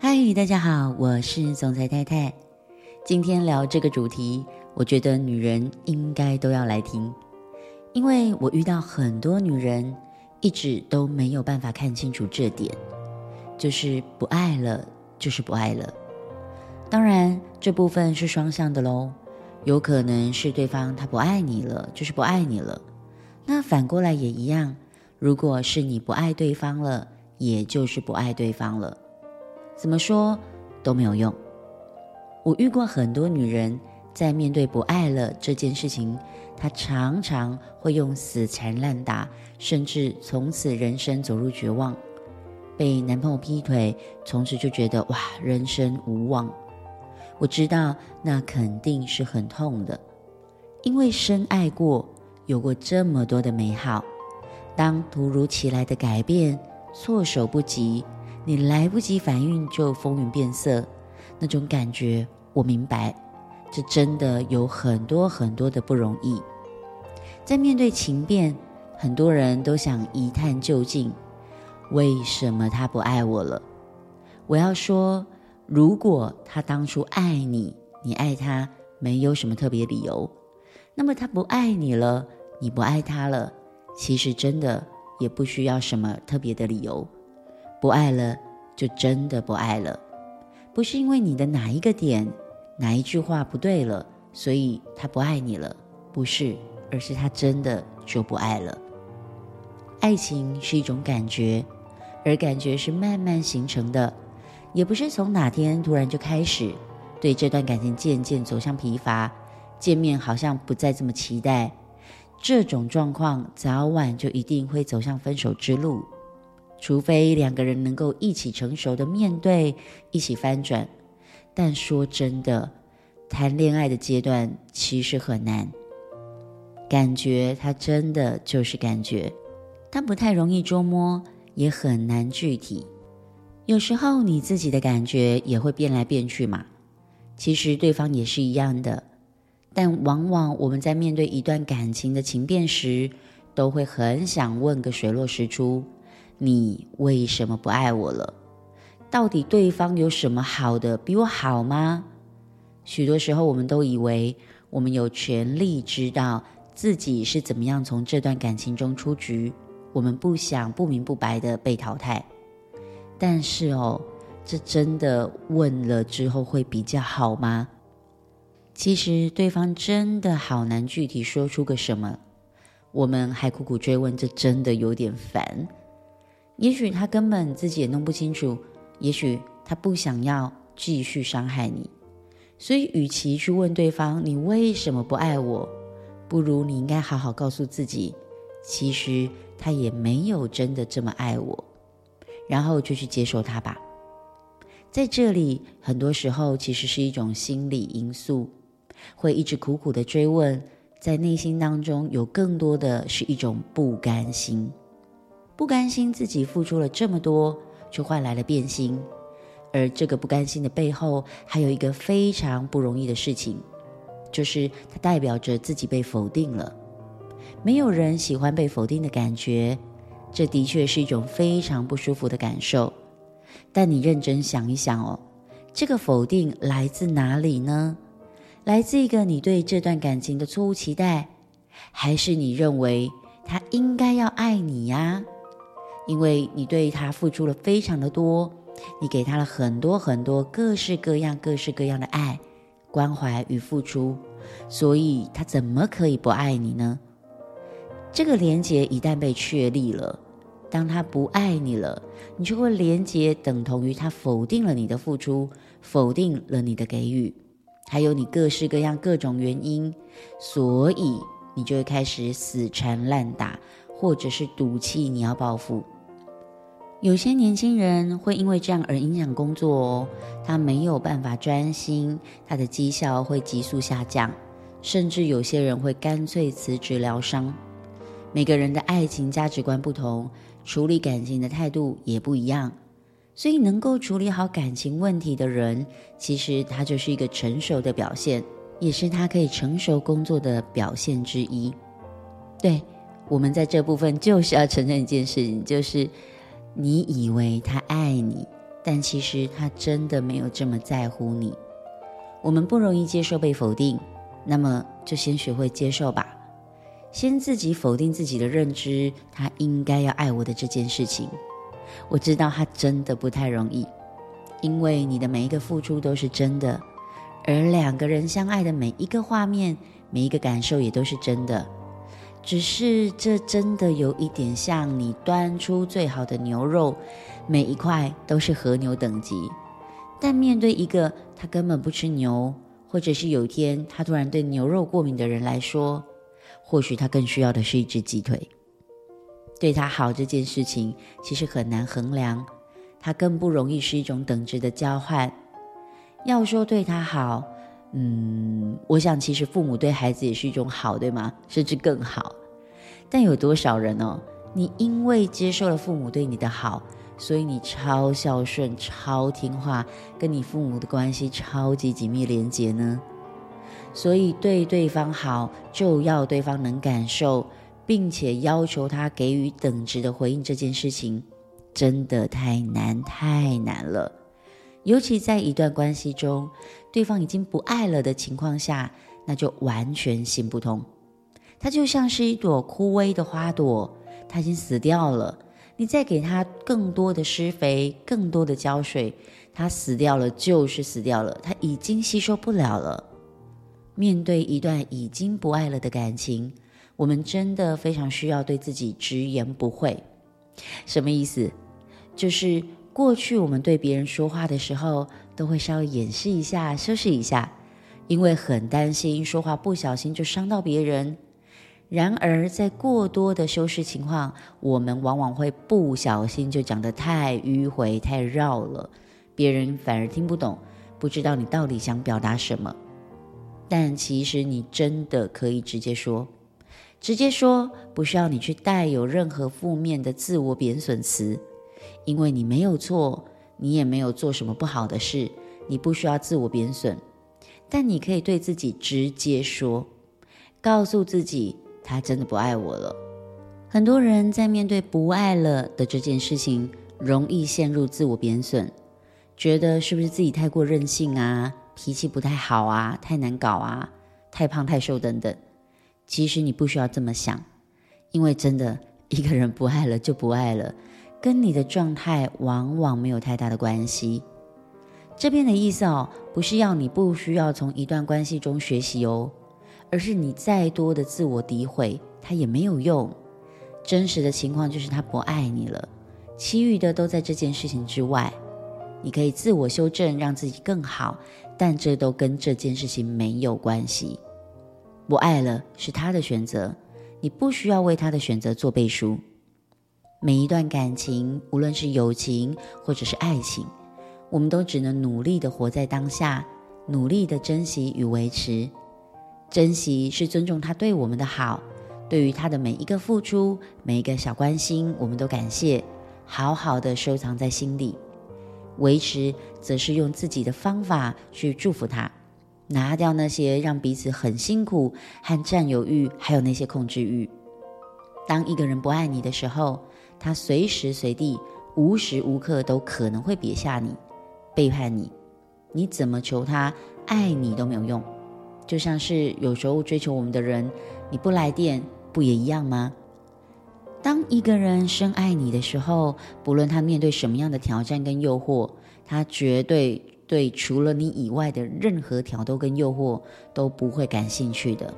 嗨，大家好，我是總裁太太。今天聊這個主題，我覺得女人應該都要來聽，因為我遇到很多女人，一直都沒有辦法看清楚這點，就是不愛了，就是不愛了。當然，這部分是雙向的嘍，有可能是對方他不愛你了，就是不愛你了。那反過來也一樣，如果是你不愛對方了，也就是不愛對方了。怎麼說都沒有用。我遇過很多女人，在面對不愛了這件事情，她常常會用死纏爛打，甚至從此人生走入絕望。被男朋友劈腿，從此就覺得哇，人生無望。我知道那肯定是很痛的，因為深愛過，有過這麼多的美好，當突如其來的改變措手不及，你來不及反應就風雲變色，那種感覺我明白，這真的有很多很多的不容易。在面對情變，很多人都想一探究竟，為什麼他不愛我了？我要說。如果他當初愛你，你愛他，沒有什麼特別理由；那麼他不愛你了，你不愛他了，其實真的也不需要什麼特別的理由。不愛了，就真的不愛了，不是因為你的哪一個點、哪一句話不對了，所以他不愛你了，不是，而是他真的就不愛了。愛情是一種感覺，而感覺是慢慢形成的。也不是從哪天突然就開始，對這段感情漸漸走向疲乏，見面好像不再這麼期待，這種狀況早晚就一定會走向分手之路，除非兩個人能夠一起成熟的面對，一起翻轉。但說真的，談戀愛的階段其實很難，感覺它真的就是感覺，它不太容易捉摸，也很難具體。有時候你自己的感覺也會變來變去嘛，其實對方也是一樣的。但往往我們在面對一段感情的情變時，都會很想問個水落石出：你為什麼不愛我了？到底對方有什麼好的比我好嗎？許多時候，我們都以為我們有權利知道自己是怎麼樣從這段感情中出局，我們不想不明不白的被淘汰。但是哦，這真的問了之後會比較好嗎？其實對方真的好難具體說出個什麼，我們還苦苦追問，這真的有點煩。也許他根本自己也弄不清楚，也許他不想要繼續傷害你，所以與其去問對方你為什麼不愛我，不如你應該好好告訴自己，其實他也沒有真的這麼愛我。然後就去接受它吧，在這裡，很多時候其實是一種心理因素，會一直苦苦的追問，在內心當中，有更多的是一種不甘心，不甘心自己付出了這麼多，卻換來了變心，而這個不甘心的背後，還有一個非常不容易的事情，就是它代表着自己被否定了，沒有人喜歡被否定的感覺。這的確是一種非常不舒服的感受，但你認真想一想哦，這個否定來自哪裡呢？來自一個你對這段感情的錯誤期待，還是你認為他應該要愛你呀、啊？因為你對他付出了非常的多，你給他了很多很多各式各樣、各式各樣的愛、關懷與付出，所以他怎麼可以不愛你呢？這個連接一旦被確立了，當他不愛你了，你就會連接等同於他否定了你的付出，否定了你的給予，還有你各式各樣各種原因，所以你就會開始死纏爛打，或者是賭氣，你要報復。有些年輕人會因為這樣而影響工作哦，他沒有辦法專心，他的績效會急速下降，甚至有些人會乾脆辭職療傷。每個人的愛情價值觀不同，處理感情的態度也不一樣。所以，能夠處理好感情問題的人，其實他就是一個成熟的表現，也是他可以成熟工作的表現之一。對，我們在這部分就是要承認一件事情，就是你以為他愛你，但其實他真的沒有這麼在乎你。我們不容易接受被否定，那麼就先學會接受吧。先自己否定自己的認知，他應該要愛我的這件事情。我知道他真的不太容易，因為你的每一個付出都是真的，而兩個人相愛的每一個畫面、每一個感受也都是真的。只是這真的有一點像你端出最好的牛肉，每一塊都是和牛等級，但面對一個他根本不吃牛，或者是有一天他突然對牛肉過敏的人來說。或許他更需要的是一隻雞腿。對他好這件事情，其實很難衡量，它更不容易是一種等值的交換。要說對他好，嗯，我想其實父母對孩子也是一種好，對嗎？甚至更好。但有多少人哦，你因為接受了父母對你的好，所以你超孝順、超聽話，跟你父母的關係超級緊密連結呢？所以，對對方好就要對方能感受，並且要求他給予等值的回應。這件事情真的太難，太難了。尤其在一段關係中，對方已經不愛了的情況下，那就完全行不通。它就像是一朵枯萎的花朵，它已經死掉了。你再給它更多的施肥，更多的澆水，它死掉了就是死掉了，它已經吸收不了了。面對一段已經不愛了的感情，我們真的非常需要對自己直言不諱。什麼意思？就是過去我們對別人說話的時候，都會稍微掩飾一下、修飾一下，因為很擔心說話不小心就傷到別人。然而，在過多的修飾情況，我們往往會不小心就講得太迂回、太繞了，別人反而聽不懂，不知道你到底想表達什麼。但其實你真的可以直接說，直接說，不需要你去帶有任何負面的自我貶損詞，因為你沒有錯，你也沒有做什麼不好的事，你不需要自我貶損。但你可以對自己直接說，告訴自己他真的不愛我了。很多人在面對不愛了的這件事情，容易陷入自我貶損，覺得是不是自己太過任性啊？脾氣不太好啊，太難搞啊，太胖太瘦等等。其實你不需要這麼想，因為真的一個人不愛了就不愛了，跟你的狀態往往沒有太大的關係。這邊的意思哦，不是要你不需要從一段關係中學習哦，而是你再多的自我詆毀，他也沒有用。真實的情況就是他不愛你了，其餘的都在這件事情之外。你可以自我修正，讓自己更好，但這都跟這件事情沒有關係。不愛了是他的選擇，你不需要為他的選擇做背書。每一段感情，無論是友情或者是愛情，我們都只能努力的活在當下，努力的珍惜與維持。珍惜是尊重他對我們的好，對於他的每一個付出，每一個小關心，我們都感謝，好好的收藏在心裡。維持則是用自己的方法去祝福他，拿掉那些讓彼此很辛苦和占有欲，還有那些控制欲。當一個人不愛你的時候，他隨時隨地、無時無刻都可能會撇下你、背叛你。你怎麼求他愛你都沒有用，就像是有時候追求我們的人，你不來電不也一樣嗎？當一個人深愛你的時候，不論他面對什麼樣的挑戰跟誘惑，他絕對對除了你以外的任何挑逗跟誘惑都不會感興趣的。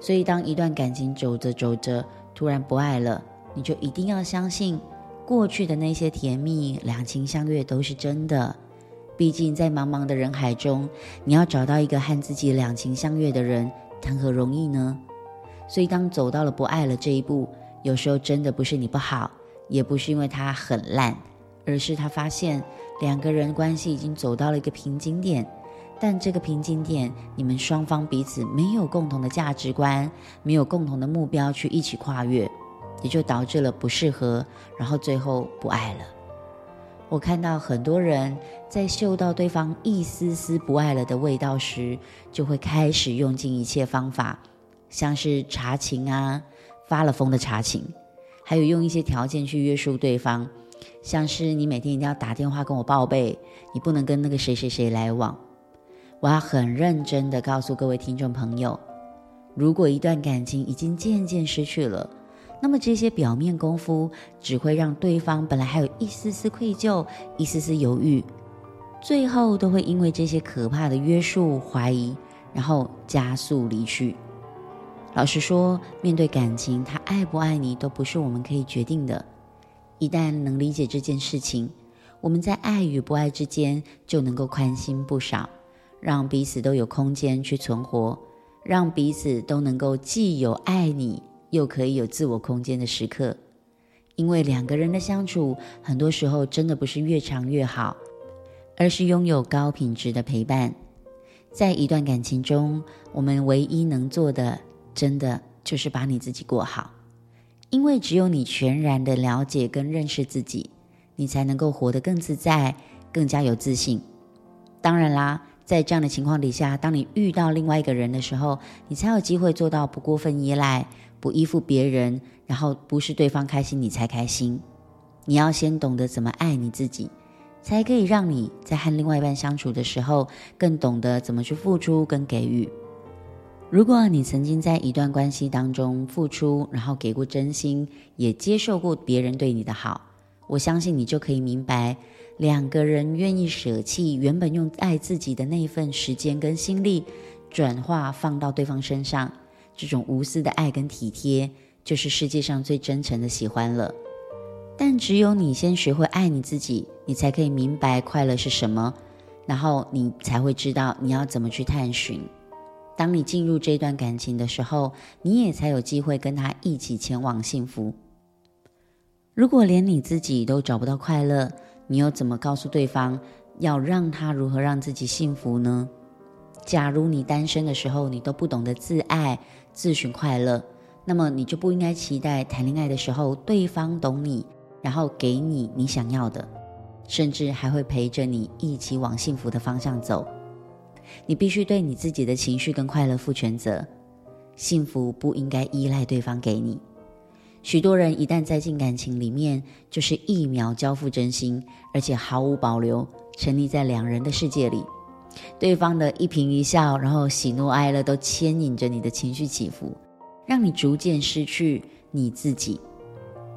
所以，當一段感情走着走着突然不愛了，你就一定要相信過去的那些甜蜜、兩情相悅都是真的。畢竟，在茫茫的人海中，你要找到一個和自己兩情相悅的人，談何容易呢？所以，當走到了不愛了這一步，有時候真的不是你不好，也不是因為他很爛，而是他發現兩個人關係已經走到了一個瓶頸點，但這個瓶頸點你們雙方彼此沒有共同的價值觀，沒有共同的目標去一起跨越，也就導致了不適合，然後最後不愛了。我看到很多人在嗅到對方一絲絲不愛了的味道時，就會開始用盡一切方法，像是查勤啊。發了瘋的查勤，還有用一些條件去約束對方，像是你每天一定要打電話跟我報備，你不能跟那個誰誰誰來往。我要很認真的告訴各位聽眾朋友，如果一段感情已經漸漸失去了，那麼這些表面功夫只會讓對方本來還有一絲絲愧疚、一絲絲猶豫，最後都會因為這些可怕的約束、懷疑，然後加速離去。老實說，面對感情，他愛不愛你都不是我們可以決定的。一旦能理解這件事情，我們在愛與不愛之間就能夠寬心不少，讓彼此都有空間去存活，讓彼此都能夠既有愛你，又可以有自我空間的時刻。因為兩個人的相處，很多時候真的不是越長越好，而是擁有高品質的陪伴。在一段感情中，我們唯一能做的。真的就是把你自己過好，因為只有你全然的了解跟認識自己，你才能夠活得更自在，更加有自信。當然啦，在這樣的情況底下，當你遇到另外一個人的時候，你才有機會做到不過分依賴，不依附別人，然後不是對方開心你才開心。你要先懂得怎麼愛你自己，才可以讓你在和另外一半相處的時候，更懂得怎麼去付出跟給予。如果你曾經在一段關係當中付出，然後給過真心，也接受過別人對你的好，我相信你就可以明白，兩個人願意捨棄原本用愛自己的那一份時間跟心力，轉化放到對方身上，這種無私的愛跟體貼，就是世界上最真誠的喜歡了。但只有你先學會愛你自己，你才可以明白快樂是什麼，然後你才會知道你要怎麼去探尋。當你進入這段感情的時候，你也才有機會跟他一起前往幸福。如果連你自己都找不到快樂，你又怎麼告訴對方要讓他如何讓自己幸福呢？假如你單身的時候你都不懂得自愛、自尋快樂，那麼你就不應該期待談戀愛的時候對方懂你，然後給你你想要的，甚至還會陪着你一起往幸福的方向走。你必須對你自己的情緒跟快樂負全責，幸福不應該依賴對方給你。許多人一旦栽進感情裡面，就是一秒交付真心，而且毫無保留，沉溺在兩人的世界裡，對方的一顰一笑，然後喜怒哀樂都牽引着你的情緒起伏，讓你逐漸失去你自己，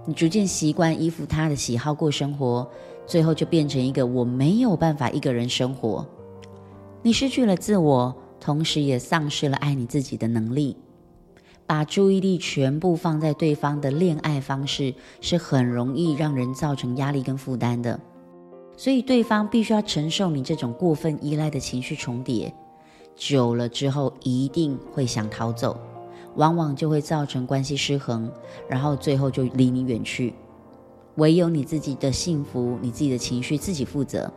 你逐漸習慣依附他的喜好過生活，最後就變成一個我沒有辦法一個人生活。你失去了自我，同時也喪失了愛你自己的能力。把注意力全部放在對方的戀愛方式，是很容易讓人造成壓力跟負擔的。所以，對方必須要承受你這種過分依賴的情緒重疊，久了之後一定會想逃走，往往就會造成關係失衡，然後最後就離你遠去。唯有你自己的幸福，你自己的情緒，自己負責。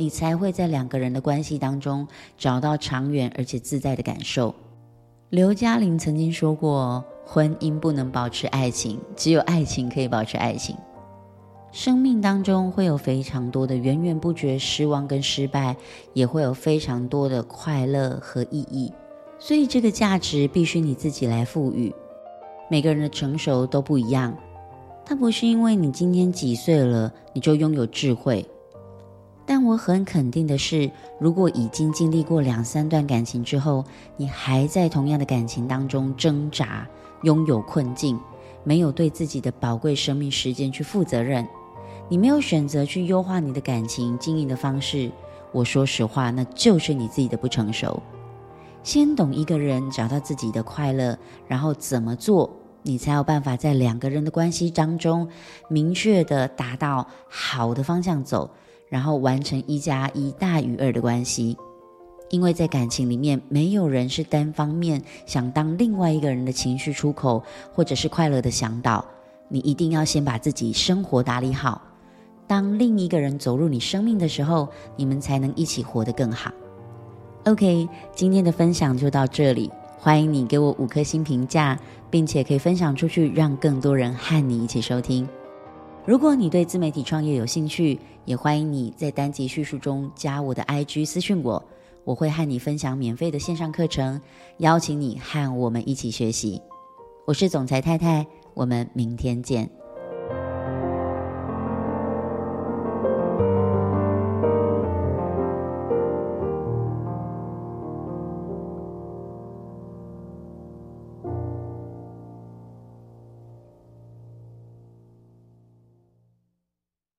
你才會在兩個人的關係當中找到長遠而且自在的感受。劉嘉玲曾經說過：“婚姻不能保持愛情，只有愛情可以保持愛情。”生命當中會有非常多的源源不絕失望跟失敗，也會有非常多的快樂和意義。所以這個價值必須你自己來賦予。每個人的成熟都不一樣，它不是因為你今天幾歲了，你就擁有智慧。但我很肯定的是，如果已經經歷過兩三段感情之後，你還在同樣的感情當中掙扎、擁有困境，沒有對自己的寶貴生命時間去負責任，你沒有選擇去優化你的感情經營的方式，我說實話，那就是你自己的不成熟。先懂一個人，找到自己的快樂，然後怎麼做，你才有辦法在兩個人的關係當中，明確的達到好的方向走。然後完成一加一大於二的關係，因為在感情裡面，沒有人是單方面想當另外一個人的情緒出口，或者是快樂的向導。你一定要先把自己生活打理好，當另一個人走入你生命的時候，你們才能一起活得更好。OK，今天的分享就到這裡，歡迎你給我五顆星評價，並且可以分享出去，讓更多人和你一起收聽。如果你對自媒體創業有興趣，也歡迎你在單集敘述中加我的 IG 私信我，我會和你分享免費的線上課程，邀請你和我們一起學習。我是總裁太太，我們明天見。